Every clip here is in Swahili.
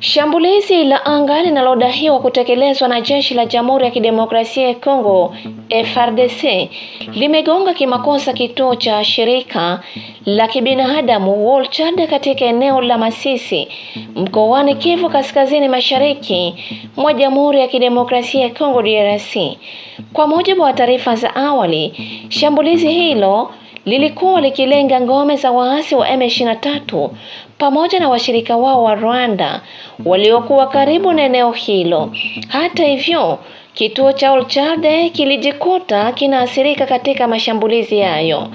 Shambulizi la anga linalodaiwa kutekelezwa na jeshi la Jamhuri ya Kidemokrasia ya Kongo frdc limegonga kimakosa kituo cha shirika la kibinadamu World Chad katika eneo la Masisi mkoani Kivu Kaskazini Mashariki mwa Jamhuri ya Kidemokrasia ya Kongo DRC. Kwa mujibu wa taarifa za awali, shambulizi hilo lilikuwa likilenga ngome za waasi wa M23 pamoja na washirika wao wa Rwanda waliokuwa karibu na eneo hilo. Hata hivyo, kituo cha Olcharde kilijikuta kinaathirika katika mashambulizi hayo.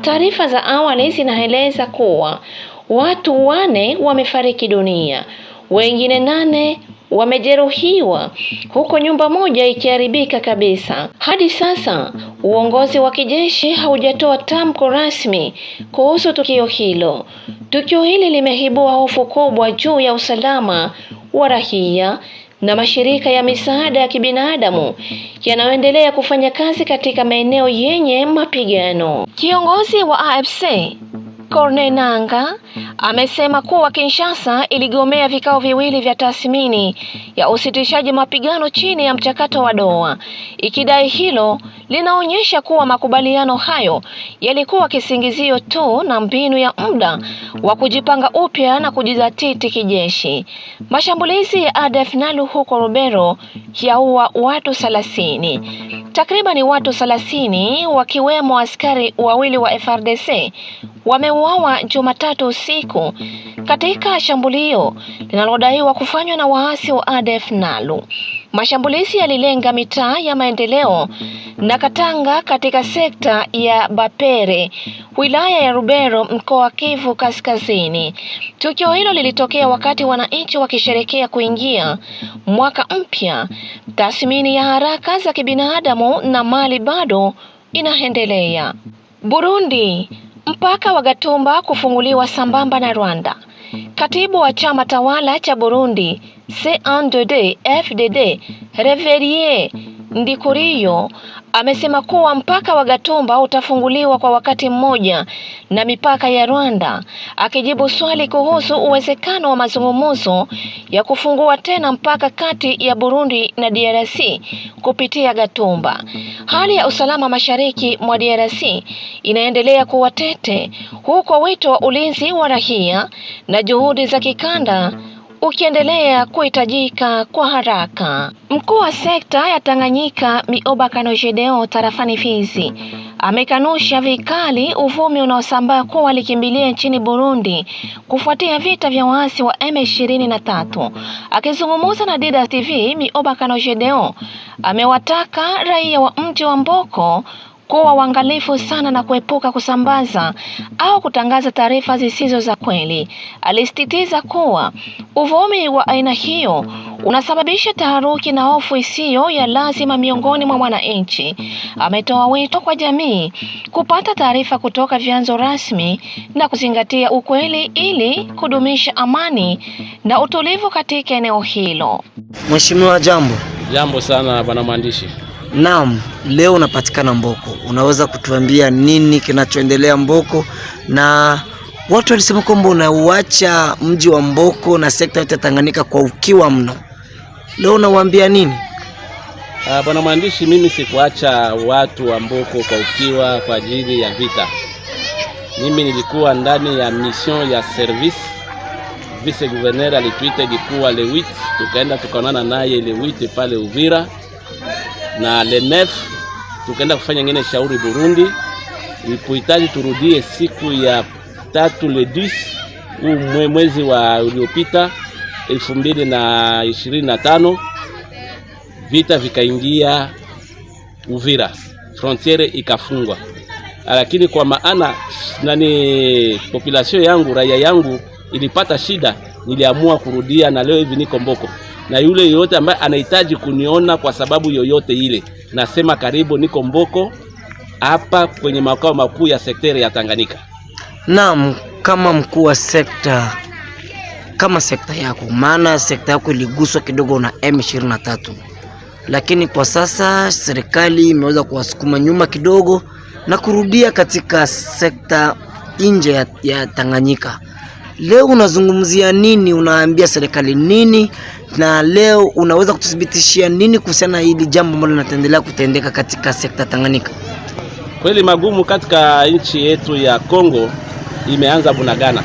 Taarifa za awali zinaeleza kuwa watu wane wamefariki dunia, wengine nane wamejeruhiwa huko, nyumba moja ikiharibika kabisa. Hadi sasa uongozi wa kijeshi haujatoa tamko rasmi kuhusu tukio hilo. Tukio hili limeibua hofu kubwa juu ya usalama wa raia na mashirika ya misaada ya kibinadamu yanayoendelea kufanya kazi katika maeneo yenye mapigano. Kiongozi wa AFC Corne Nanga mm-hmm. amesema kuwa Kinshasa iligomea vikao viwili vya tathmini ya usitishaji mapigano chini ya mchakato wa Doha, ikidai hilo linaonyesha kuwa makubaliano hayo yalikuwa kisingizio tu na mbinu ya muda wa kujipanga upya na kujizatiti kijeshi. Mashambulizi ya ADF Nalu huko Rubero yaua watu 30. takriban watu 30 wakiwemo askari wawili wa frdc wameuawa Jumatatu usiku katika shambulio linalodaiwa kufanywa na waasi wa ADF NALU. Mashambulizi yalilenga mitaa ya maendeleo na Katanga katika sekta ya Bapere, wilaya ya Rubero, mkoa wa Kivu Kaskazini. Tukio hilo lilitokea wakati wananchi wakisherekea kuingia mwaka mpya. Tathmini ya haraka za kibinadamu na mali bado inaendelea. Burundi mpaka wa Gatumba kufunguliwa sambamba na Rwanda. Katibu wa chama tawala cha Burundi CNDD-FDD Reverie Ndikuriyo amesema kuwa mpaka wa Gatumba utafunguliwa kwa wakati mmoja na mipaka ya Rwanda, akijibu swali kuhusu uwezekano wa mazungumzo ya kufungua tena mpaka kati ya Burundi na DRC kupitia Gatumba. Hali ya usalama mashariki mwa DRC inaendelea kuwa tete, huko wito wa ulinzi wa rahia na juhudi za kikanda ukiendelea kuhitajika kwa haraka. Mkuu wa sekta ya Tanganyika Mioba Kanojedeo tarafani Fizi amekanusha vikali uvumi unaosambaa kuwa walikimbilia nchini Burundi kufuatia vita vya waasi wa M23. Akizungumza na Dida TV, Mioba Kanojedeo amewataka raia wa mji wa Mboko kuwa uangalifu sana na kuepuka kusambaza au kutangaza taarifa zisizo za kweli. Alisisitiza kuwa uvumi wa aina hiyo unasababisha taharuki na hofu isiyo ya lazima miongoni mwa wananchi. Ametoa wito kwa jamii kupata taarifa kutoka vyanzo rasmi na kuzingatia ukweli ili kudumisha amani na utulivu katika eneo hilo. Mheshimiwa, jambo. Jambo sana bwana mwandishi. Naam, leo unapatikana Mboko. Unaweza kutuambia nini kinachoendelea Mboko? Na watu walisema kwamba unauacha mji wa Mboko na sekta yote ya Tanganyika kwa ukiwa mno, leo unawaambia nini? Uh, bwana mwandishi, mimi sikuacha watu wa Mboko kwa ukiwa kwa ajili ya vita. Mimi nilikuwa ndani ya mission ya service. Vice gouverneur alituita ilikuwa Lewit, tukaenda tukaonana naye Lewit pale Uvira na LEMEF tukaenda kufanya ngine shauri Burundi, ilipohitaji turudie siku ya tatu le 10 huu mwezi wa uliopita elfu mbili na ishirini na tano vita vikaingia Uvira, frontiere ikafungwa. Lakini kwa maana nani, population yangu raia yangu ilipata shida, niliamua kurudia na leo hivi niko Mboko na yule yoyote ambaye anahitaji kuniona kwa sababu yoyote ile, nasema karibu, niko Mboko hapa kwenye makao makuu ya sekta ya Tanganyika. Naam, kama mkuu wa sekta, kama sekta yako, maana sekta yako iliguswa kidogo na M23, lakini kwa sasa serikali imeweza kuwasukuma nyuma kidogo na kurudia katika sekta nje ya, ya Tanganyika. Leo unazungumzia nini? Unaambia serikali nini na leo unaweza kututhibitishia nini kuhusiana na hili jambo ambalo linaendelea kutendeka katika sekta Tanganyika? Kweli magumu katika nchi yetu ya Kongo imeanza Bunagana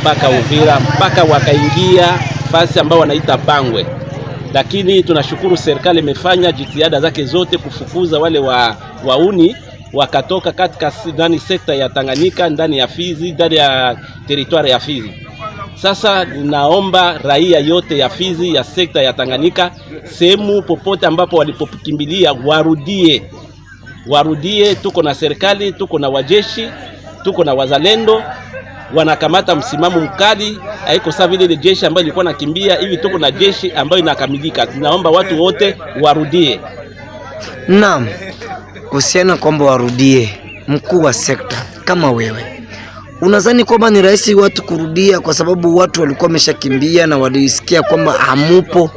mpaka Uvira mpaka wakaingia fasi ambao wanaita Pangwe, lakini tunashukuru serikali imefanya jitihada zake zote kufukuza wale wa wauni wakatoka katika ndani sekta ya Tanganyika ndani ya Fizi ndani ya teritwari ya Fizi sasa naomba raia yote ya Fizi ya sekta ya Tanganyika, sehemu popote ambapo walipokimbilia warudie, warudie. Tuko na serikali, tuko na wajeshi, tuko na wazalendo wanakamata msimamo mkali, haiko sawa vile ile jeshi ambayo ilikuwa nakimbia hivi. Tuko na jeshi ambayo inakamilika, tunaomba watu wote warudie. Naam, kuhusiana kwamba warudie, mkuu wa sekta kama wewe Unadhani kwamba ni rahisi watu kurudia kwa sababu watu walikuwa wameshakimbia na walisikia kwamba hamupo?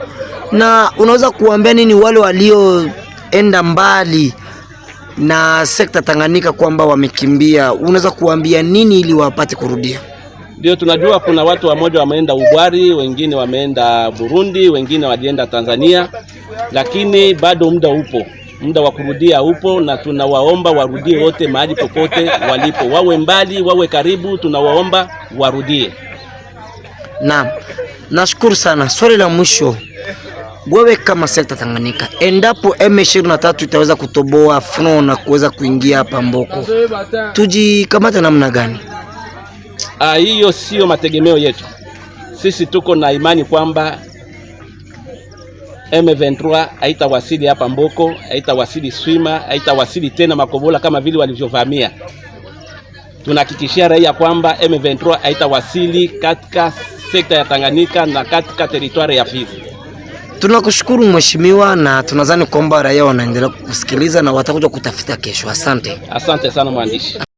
Na unaweza kuambia nini wale walioenda mbali na sekta Tanganyika kwamba wamekimbia, unaweza kuambia nini ili wapate kurudia? Ndio, tunajua kuna watu wamoja wameenda Ugwari, wengine wameenda Burundi, wengine walienda Tanzania, lakini bado muda upo muda wa kurudia upo, na tunawaomba warudie wote mahali popote walipo, wawe mbali, wawe karibu, tunawaomba warudie. Na nashukuru sana. Swali la mwisho, wewe kama sekta Tanganyika, endapo M23 itaweza kutoboa front na kuweza kuingia hapa Mboko, tujikamata namna gani? Ah, hiyo sio mategemeo yetu sisi, tuko na imani kwamba M23 haitawasili hapa Mboko, haitawasili Swima, haitawasili tena Makobola kama vile walivyovamia. Tunahakikishia raia kwamba M23 haitawasili katika sekta ya Tanganyika na katika teritwari ya Fizi. Tunakushukuru mheshimiwa, na tunadhani kwamba raia wanaendelea kukusikiliza na watakuja kutafuta kesho. Asante, asante sana mwandishi.